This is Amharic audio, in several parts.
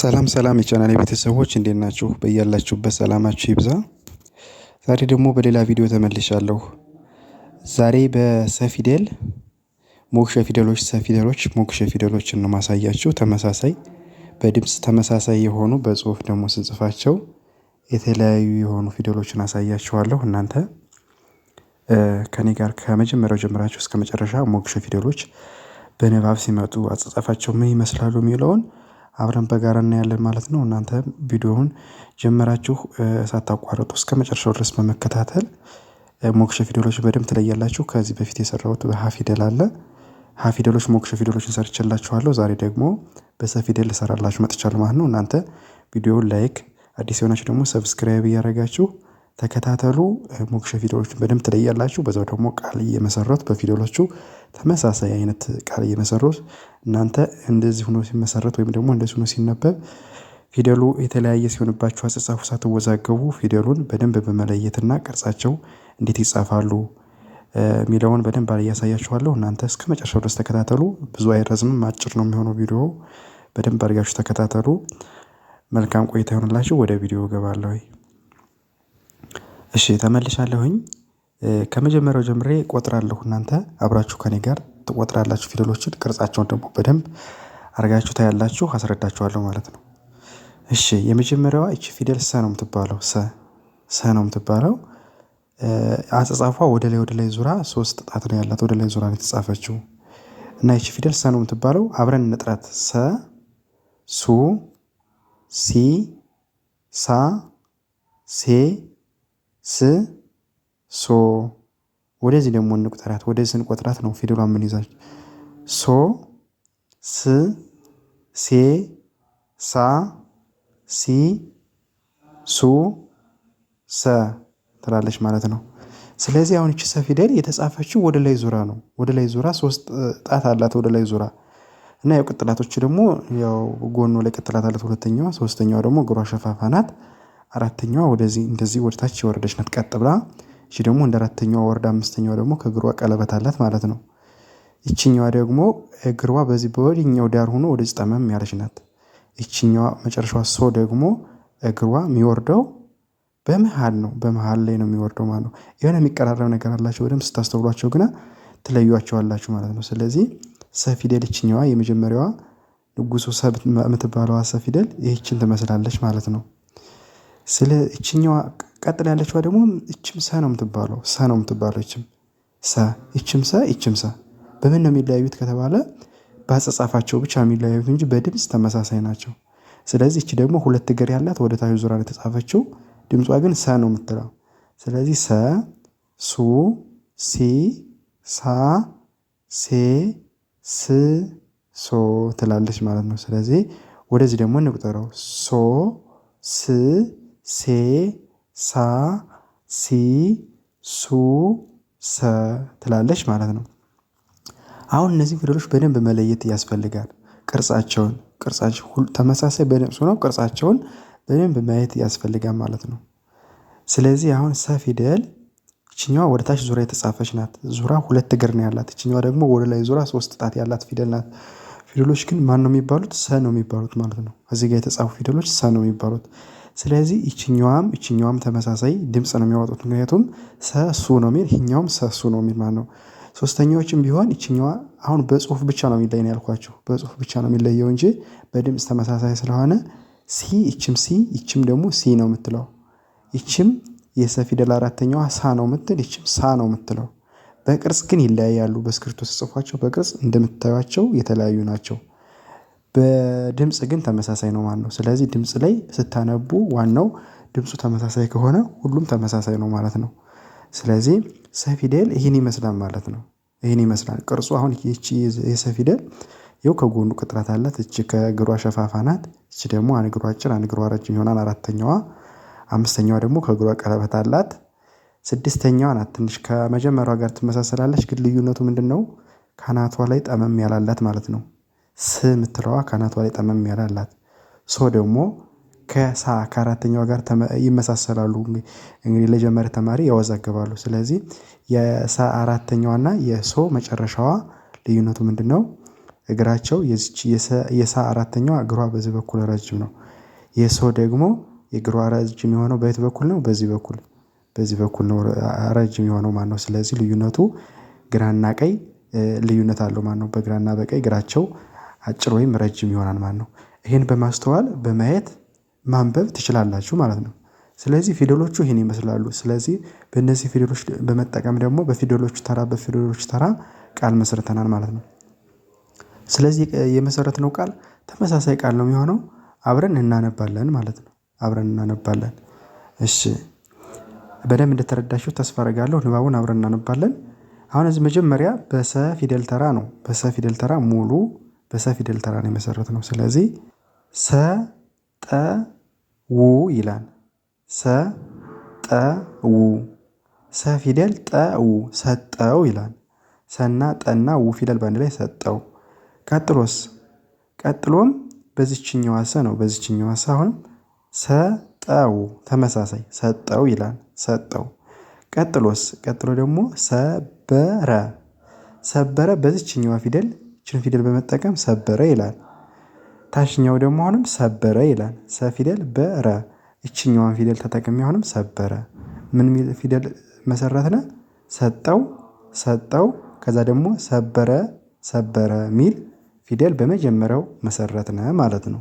ሰላም ሰላም የቻናል ቤተሰቦች እንዴት ናችሁ? በያላችሁበት ሰላማችሁ ይብዛ። ዛሬ ደግሞ በሌላ ቪዲዮ ተመልሻለሁ። ዛሬ በሰፊደል ሞክሸ ፊደሎች፣ ሰፊደሎች፣ ሞክሸ ፊደሎች ነው ማሳያችሁ። ተመሳሳይ በድምፅ ተመሳሳይ የሆኑ በጽሁፍ ደግሞ ስንጽፋቸው የተለያዩ የሆኑ ፊደሎችን አሳያችኋለሁ። እናንተ ከኔ ጋር ከመጀመሪያው ጀምራችሁ እስከ መጨረሻ ሞክሸ ፊደሎች በንባብ ሲመጡ አጻጻፋቸው ምን ይመስላሉ የሚለውን አብረን በጋራ እናያለን ማለት ነው። እናንተ ቪዲዮውን ጀምራችሁ እስከ መጨረሻው ድረስ በመከታተል ሞክሸ ፊደሎችን በደንብ ትለያላችሁ። ከዚህ በፊት የሰራሁት በሀ ፊደል አለ። ሀ ፊደሎች ሞክሸ ፊደሎችን ሰርችላችኋለሁ። ዛሬ ደግሞ በሰፊደል ልሰራላችሁ መጥቻለሁ ማለት ነው። እናንተ ቪዲዮውን ላይክ፣ አዲስ የሆናችሁ ደግሞ ሰብስክራይብ እያደረጋችሁ ተከታተሉ ሞክሸ ፊደሎችን በደንብ ትለያላችሁ። በዛው ደግሞ ቃል እየመሰረት በፊደሎቹ ተመሳሳይ አይነት ቃል እየመሰረት እናንተ እንደዚህ ሆኖ ሲመሰረት ወይም ደግሞ እንደዚህ ሆኖ ሲነበብ ፊደሉ የተለያየ ሲሆንባችሁ አጻጻፉ ሳትወዛገቡ ፊደሉን በደንብ በመለየትና ቅርጻቸው እንዴት ይጻፋሉ የሚለውን በደንብ እያሳያችኋለሁ። እናንተ እስከ መጨረሻው ድረስ ተከታተሉ። ብዙ አይረዝምም፣ አጭር ነው የሚሆነው ቪዲዮ። በደንብ አድርጋችሁ ተከታተሉ። መልካም ቆይታ ይሆንላችሁ። ወደ ቪዲዮ ገባለሁ። እሺ ተመልሻለሁኝ። ከመጀመሪያው ጀምሬ እቆጥራለሁ እናንተ አብራችሁ ከኔ ጋር ትቆጥራላችሁ ፊደሎችን ቅርጻቸውን ደግሞ በደንብ አርጋችሁ ታያላችሁ አስረዳችኋለሁ ማለት ነው። እሺ የመጀመሪያዋ እቺ ፊደል ሰ ነው የምትባለው ሰ ሰ ነው የምትባለው። አተጻፏ ወደ ላይ ወደ ላይ ዙራ ሶስት ጣት ነው ያላት ወደ ላይ ዙራ ነው የተጻፈችው። እና ይቺ ፊደል ሰ ነው የምትባለው አብረን እንጥራት ሰ ሱ ሲ ሳ ሴ ስ ሶ ወደዚህ ደግሞ እንቁጠራት። ወደዚህ ስንቆጥራት ነው ፊደሏ ምን ይዛች ሶ ስ ሴ ሳ ሲ ሱ ሰ ትላለች ማለት ነው። ስለዚህ አሁን እቺ ሰ ፊደል የተጻፈችው ወደ ላይ ዙራ ነው። ወደ ላይ ዙራ ሶስት ጣት አላት ወደ ላይ ዙራ እና ያው ቅጥላቶች ደግሞ ያው ጎኖ ላይ ቅጥላት አላት ሁለተኛዋ፣ ሶስተኛዋ ደግሞ እግሯ ሸፋፋ ናት። አራተኛዋ ወደዚህ እንደዚህ ወደ ታች የወረደች ናት ቀጥ ብላ። እሺ ደግሞ እንደ አራተኛዋ ወርዳ አምስተኛዋ ደግሞ ከእግሯ ቀለበት አላት ማለት ነው። ይችኛዋ ደግሞ እግሯ በዚህ በወዲኛው ዳር ሆኖ ወደዚህ ጠመም ያለች ናት። ይችኛዋ መጨረሻዋ ሶ ደግሞ እግሯ የሚወርደው በመሃል ነው። በመሃል ላይ ነው የሚወርደው ማለት ነው። የሆነ የሚቀራረብ ነገር አላቸው። በደምብ ስታስተውሏቸው ግና ትለዩዋቸዋላችሁ ማለት ነው። ስለዚህ ሰፊደል ይችኛዋ የመጀመሪያዋ ንጉሱ ሰ የምትባለዋ ሰፊደል ይህችን ትመስላለች ማለት ነው። ስለ እችኛዋ ቀጥል ያለችዋ ደግሞ እችም ሰ ነው የምትባለው ሰ ነው የምትባለው እችም ሰ እችም ሰ እችም ሰ በምን ነው የሚለያዩት ከተባለ በአጸጻፋቸው ብቻ የሚለያዩት እንጂ በድምፅ ተመሳሳይ ናቸው። ስለዚህ እች ደግሞ ሁለት እግር ያላት ወደ ታች ዙራ ነው የተጻፈችው። ድምጿ ግን ሰ ነው የምትለው። ስለዚህ ሰ ሱ ሲ ሳ ሴ ስ ሶ ትላለች ማለት ነው። ስለዚህ ወደዚህ ደግሞ እንቁጠረው ሶ ስ ሴ ሳ ሲ ሱ ሰ ትላለች ማለት ነው። አሁን እነዚህ ፊደሎች በደንብ መለየት ያስፈልጋል። ቅርጻቸውን ቅርጻቸው ሁሉ ተመሳሳይ በድምፅ ሆነው ቅርጻቸውን በደንብ ማየት ያስፈልጋል ማለት ነው። ስለዚህ አሁን ሰ ፊደል ይችኛዋ ወደ ታች ዙራ የተጻፈች ናት። ዙራ ሁለት እግር ነው ያላት። ይችኛዋ ደግሞ ወደ ላይ ዙራ ሶስት ጣት ያላት ፊደል ናት። ፊደሎች ግን ማን ነው የሚባሉት? ሰ ነው የሚባሉት ማለት ነው። እዚህ ጋር የተጻፉ ፊደሎች ሰ ነው የሚባሉት። ስለዚህ ይችኛዋም ይችኛዋም ተመሳሳይ ድምፅ ነው የሚያወጡት ምክንያቱም ሰሱ ነው የሚል ይሄኛውም ሰሱ ነው የሚል ማለት ነው። ሶስተኛዎችም ቢሆን ይችኛዋ አሁን በጽሁፍ ብቻ ነው የሚለይ ነው በጽሁፍ ብቻ ነው የሚለየው እንጂ በድምጽ ተመሳሳይ ስለሆነ ሲ ይችም ሲ ይችም ደግሞ ሲ ነው የምትለው። ይችም የሰ ፊደል አራተኛዋ ሳ ነው የምትል ይችም ሳ ነው የምትለው። በቅርጽ ግን ይለያያሉ በእስክሪብቶ ስጽፏቸው በቅርጽ እንደምታዩቸው የተለያዩ ናቸው በድምፅ ግን ተመሳሳይ ነው ማለት ነው። ስለዚህ ድምጽ ላይ ስታነቡ ዋናው ድምፁ ተመሳሳይ ከሆነ ሁሉም ተመሳሳይ ነው ማለት ነው። ስለዚህ ሰፊደል ይህን ይመስላል ማለት ነው። ይህን ይመስላል ቅርጹ አሁን ይቺ የሰፊደል ይው ከጎኑ ቅጥረት አላት እች ከእግሯ ሸፋፋ ናት እቺ ደግሞ አንድ አጭር ረጅም ይሆናል አራተኛዋ አምስተኛዋ ደግሞ ከእግሯ ቀለበት አላት። ስድስተኛዋ ናት ትንሽ ከመጀመሪያዋ ጋር ትመሳሰላለች ግን ልዩነቱ ምንድነው? ከአናቷ ላይ ጠመም ያላላት ማለት ነው ስ የምትለዋ ከአናቷ ላይ ጠመም ያለ አላት። ሶ ደግሞ ከሳ ከአራተኛዋ ጋር ይመሳሰላሉ። እንግዲህ ለጀመረ ተማሪ ያወዛግባሉ። ስለዚህ የሳ አራተኛዋና የሶ መጨረሻዋ ልዩነቱ ነው? እግራቸው የሳ አራተኛዋ እግሯ በዚህ በኩል ረጅም ነው። የሶ ደግሞ የእግሯ ረጅም የሆነው በየት በኩል ነው? በዚህ በኩል በዚህ በኩል ነው ረጅም የሆነው ነው። ስለዚህ ልዩነቱ ግራና ቀይ ልዩነት አለው ነው። በግራና በቀይ እግራቸው አጭር ወይም ረጅም ይሆናል ማለት ነው። ይህን በማስተዋል በማየት ማንበብ ትችላላችሁ ማለት ነው። ስለዚህ ፊደሎቹ ይህን ይመስላሉ ስለዚህ በእነዚህ ፊደሎች በመጠቀም ደግሞ በፊደሎቹ ተራ በፊደሎቹ ተራ ቃል መስርተናል ማለት ነው። ስለዚህ የመሰረትነው ቃል ተመሳሳይ ቃል ነው የሚሆነው አብረን እናነባለን ማለት ነው። አብረን እናነባለን እሺ በደንብ እንደተረዳችሁት ተስፋ አደርጋለሁ ንባቡን አብረን እናነባለን። አሁን እዚህ መጀመሪያ በሰ ፊደል ተራ ነው በሰ ፊደል ተራ ሙሉ በሰ ፊደል ተራን የመሰረት ነው። ስለዚህ ሰ ጠ ው ይላል። ሰ ጠ ው ሰ ፊደል ጠ ው ሰጠው ይላል። ሰና ጠና ው ፊደል በአንድ ላይ ሰጠው። ቀጥሎስ ቀጥሎም በዚችኛዋ ሰ ነው። በዚችኛዋ ሰ አሁንም ሰጠው ተመሳሳይ ሰጠው ይላል። ሰጠው ቀጥሎስ ቀጥሎ ደግሞ ሰበረ ሰበረ በዚችኛዋ ፊደል ይችን ፊደል በመጠቀም ሰበረ ይላል። ታችኛው ደግሞ አሁንም ሰበረ ይላል። ሰ ፊደል በረ እችኛዋን ፊደል ተጠቅሜ አሁንም ሰበረ ምን ሚል ፊደል ነ ሰጠው ሰጠው ከዛ ደግሞ ሰበረ ሰበረ ሚል ፊደል በመጀመሪያው መሰረት ነ ማለት ነው።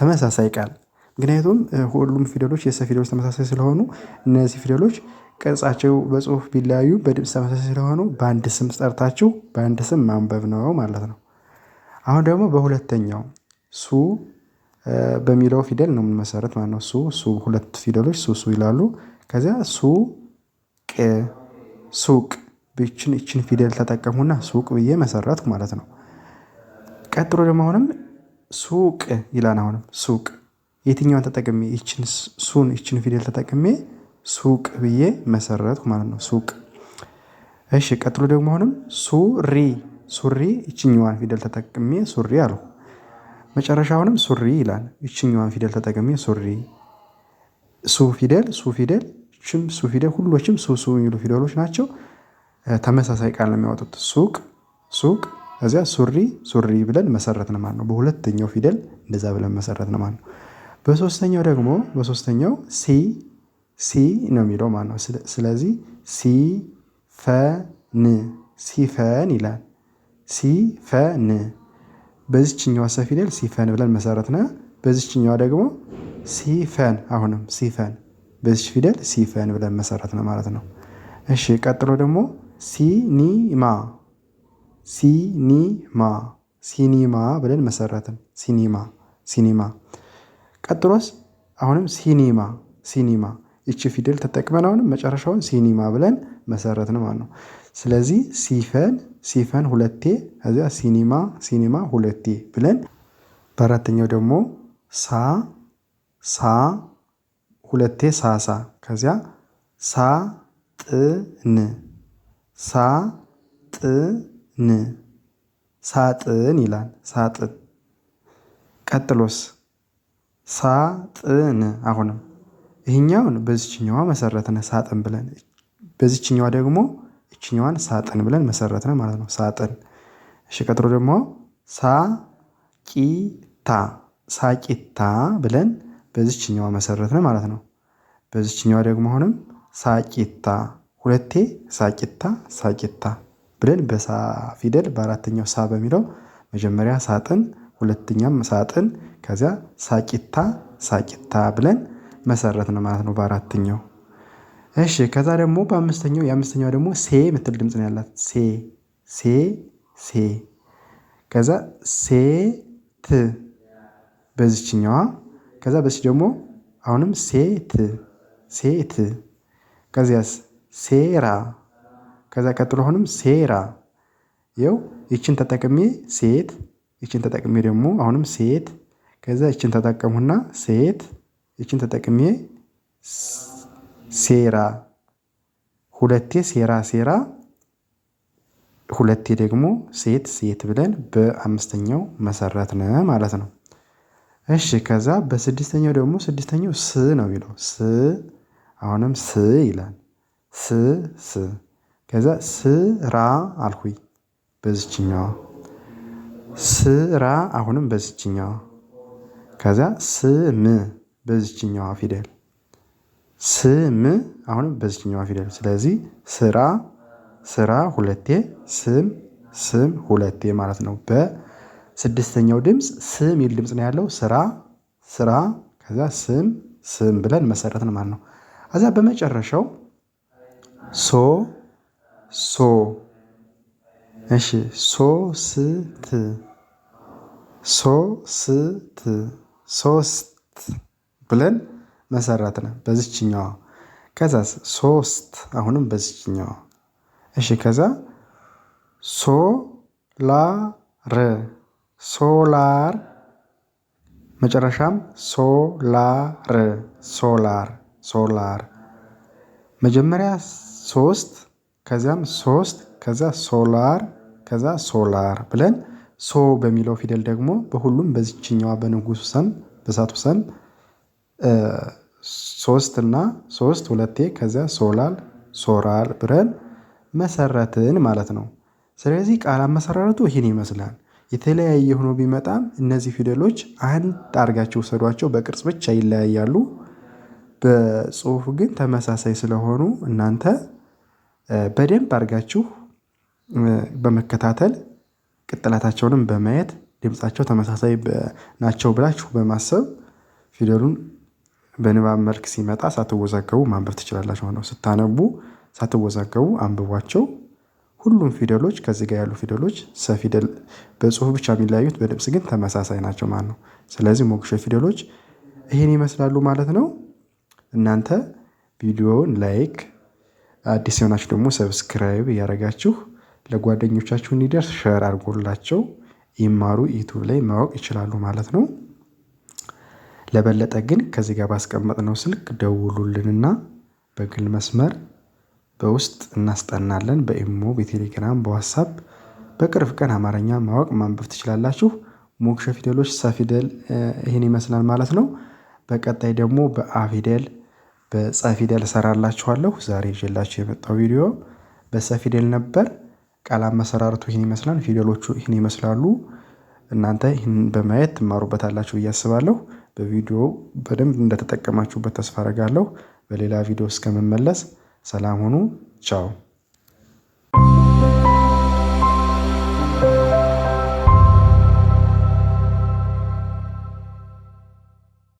ተመሳሳይ ቃል ምክንያቱም ሁሉም ፊደሎች የሰ ፊደሎች ተመሳሳይ ስለሆኑ እነዚህ ፊደሎች ቅርጻቸው በጽሁፍ ቢለያዩ በድምፅ ተመሳሳይ ስለሆኑ በአንድ ስም ጠርታችሁ በአንድ ስም ማንበብ ነው ማለት ነው አሁን ደግሞ በሁለተኛው ሱ በሚለው ፊደል ነው የምንመሰረት ማለት ነው። ሱ ሱ ሁለት ፊደሎች ሱ ሱ ይላሉ። ከዚያ ሱ ቅ ሱቅ ብችን እችን ፊደል ተጠቀሙና ሱቅ ብዬ መሰረትኩ ማለት ነው። ቀጥሎ ደግሞ አሁንም ሱቅ ይላል። አሁንም ሱቅ የትኛውን ተጠቅሜ ይችን ሱን ይችን ፊደል ተጠቅሜ ሱቅ ብዬ መሰረትኩ ማለት ነው። ሱቅ እሺ። ቀጥሎ ደግሞ አሁንም ሱሪ ሱሪ ይችኛዋን ፊደል ተጠቅሜ ሱሪ አልሁ። መጨረሻውንም ሱሪ ይላል። ይችኛዋን ፊደል ተጠቅሜ ሱሪ። ሱ ፊደል ሱ ፊደል ችም ሱ ፊደል ሁሎችም ሱ ሱ የሚሉ ፊደሎች ናቸው። ተመሳሳይ ቃል ነው የሚያወጡት። ሱቅ ሱቅ፣ እዚያ ሱሪ ሱሪ ብለን መሰረትን ማለት ነው። በሁለተኛው ፊደል እንደዛ ብለን መሰረትን ማለት ነው። በሶስተኛው ደግሞ በሶስተኛው ሲ ሲ ነው የሚለው ማለት ነው። ስለዚህ ሲፈን ሲፈን ይላል። ሲፈን በዚችኛዋ ሰ ፊደል ሲፈን ብለን መሰረትነ። በዚችኛዋ ደግሞ ሲፈን አሁንም ሲፈን በዚች ፊደል ሲፈን ብለን መሰረትነ ማለት ነው። እሺ ቀጥሎ ደግሞ ሲኒማ ሲኒማ ሲኒማ ብለን መሰረትን። ሲኒማ ሲኒማ ቀጥሎስ አሁንም ሲኒማ ሲኒማ እቺ ፊደል ተጠቅመን አሁንም መጨረሻውን ሲኒማ ብለን መሰረትን ማለት ነው። ስለዚህ ሲፈን ሲፈን ሁለቴ ከዚያ ሲኒማ ሲኒማ ሁለቴ ብለን በአራተኛው ደግሞ ሳ ሳ ሁለቴ ሳሳ ከዚያ ሳ ጥን ሳ ጥን ሳጥን ይላል። ሳጥን ቀጥሎስ ሳጥን አሁንም ይህኛውን በዚችኛዋ መሰረትነ ሳጥን ብለን በዚችኛዋ ደግሞ እችኛዋን ሳጥን ብለን መሰረት ነው ማለት ነው። ሳጥን። እሺ፣ ቀጥሮ ደግሞ ሳቂታ ሳቂታ ብለን በዚችኛዋ መሰረት ነው ማለት ነው። በዚችኛዋ ደግሞ አሁንም ሳቂታ ሁለቴ ሳቂታ ሳቂታ ብለን በሳ ፊደል በአራተኛው ሳ በሚለው መጀመሪያ ሳጥን፣ ሁለተኛም ሳጥን፣ ከዚያ ሳቂታ ሳቂታ ብለን መሰረት ነው ማለት ነው በአራተኛው እሺ ከዛ ደግሞ በአምስተኛው የአምስተኛው ደግሞ ሴ የምትል ድምጽ ነው ያላት ሴ ሴ ሴ ከዛ ሴት በዚችኛዋ ከዛ በዚ ደግሞ አሁንም ሴት ሴት ከዚያስ ሴራ ከዛ ቀጥሎ አሁንም ሴራ ይኸው ይችን ተጠቅሜ ሴት ይችን ተጠቅሜ ደግሞ አሁንም ሴት ከዛ ይችን ተጠቀሙና ሴት ይችን ተጠቅሜ ሴራ ሁለቴ ሴራ ሴራ ሁለቴ ደግሞ ሴት ሴት ብለን በአምስተኛው መሰረት ነ ማለት ነው። እሺ ከዛ በስድስተኛው ደግሞ ስድስተኛው ስ ነው የሚለው ስ አሁንም ስ ይላል ስ ስ ከዛ ስራ አልኩኝ በዝችኛዋ ስራ አሁንም በዝችኛዋ ከዛ ስም በዝችኛዋ ፊደል ስም አሁን በዚችኛዋ ፊደል። ስለዚህ ስራ ስራ ሁለቴ ስም ስም ሁለቴ ማለት ነው። በስድስተኛው ድምፅ ስም የሚል ድምፅ ነው ያለው። ስራ ስራ ከዛ ስም ስም ብለን መሰረት ነው ማለት ነው። ከዛ በመጨረሻው ሶ ሶ እሺ ሶ ስት ሶ ስት ሶስት ብለን ነ በዚችኛዋ ከዛ ሶስት አሁንም በዚችኛዋ እሺ ከዛ ር ሶላር መጨረሻም ሶላር ሶላር ሶላር መጀመሪያ ሶስት ከዚያም ሶስት ከዛ ሶላር ከዛ ሶላር ብለን ሶ በሚለው ፊደል ደግሞ በሁሉም በዚችኛዋ በንጉሱ ሰም በሳቱ ሰም ሶስት እና ሶስት ሁለቴ ከዚያ ሶላል ሶራል ብለን መሰረትን ማለት ነው። ስለዚህ ቃል አመሰራረቱ ይህን ይመስላል። የተለያየ ሆኖ ቢመጣም እነዚህ ፊደሎች አንድ አድርጋቸው ውሰዷቸው። በቅርጽ ብቻ ይለያያሉ። በጽሁፍ ግን ተመሳሳይ ስለሆኑ እናንተ በደንብ አድርጋችሁ በመከታተል ቅጥላታቸውንም በማየት ድምፃቸው ተመሳሳይ ናቸው ብላችሁ በማሰብ ፊደሉን በንባብ መልክ ሲመጣ ሳትወዛገቡ ማንበብ ትችላላችሁ ነው። ስታነቡ ሳትወዛገቡ አንብቧቸው። ሁሉም ፊደሎች ከዚህ ጋር ያሉ ፊደሎች ሰፊደል በጽሁፍ ብቻ የሚለያዩት በድምፅ ግን ተመሳሳይ ናቸው ማለት ነው። ስለዚህ ሞክሼ ፊደሎች ይህን ይመስላሉ ማለት ነው። እናንተ ቪዲዮውን ላይክ፣ አዲስ የሆናችሁ ደግሞ ሰብስክራይብ እያደረጋችሁ ለጓደኞቻችሁ እንዲደርስ ሸር አድርጎላቸው ይማሩ። ዩቱብ ላይ ማወቅ ይችላሉ ማለት ነው። ለበለጠ ግን ከዚህ ጋር ባስቀመጥነው ስልክ ደውሉልንና በግል መስመር በውስጥ እናስጠናለን። በኢሞ፣ በቴሌግራም፣ በዋትሳፕ በቅርብ ቀን አማርኛ ማወቅ ማንበብ ትችላላችሁ። ሞክሸ ፊደሎች ሰፊደል ይህን ይመስላል ማለት ነው። በቀጣይ ደግሞ በአፊደል በጸፊደል እሰራላችኋለሁ። ዛሬ ይዤላችሁ የመጣው ቪዲዮ በሰፊደል ነበር። ቃላት መሰራርቱ ይህን ይመስላል። ፊደሎቹ ይህን ይመስላሉ። እናንተ ይህን በማየት ትማሩበታላችሁ ብዬ አስባለሁ። በቪዲዮ በደንብ እንደተጠቀማችሁበት ተስፋ አደርጋለሁ። በሌላ ቪዲዮ እስከምመለስ ሰላም ሁኑ። ቻው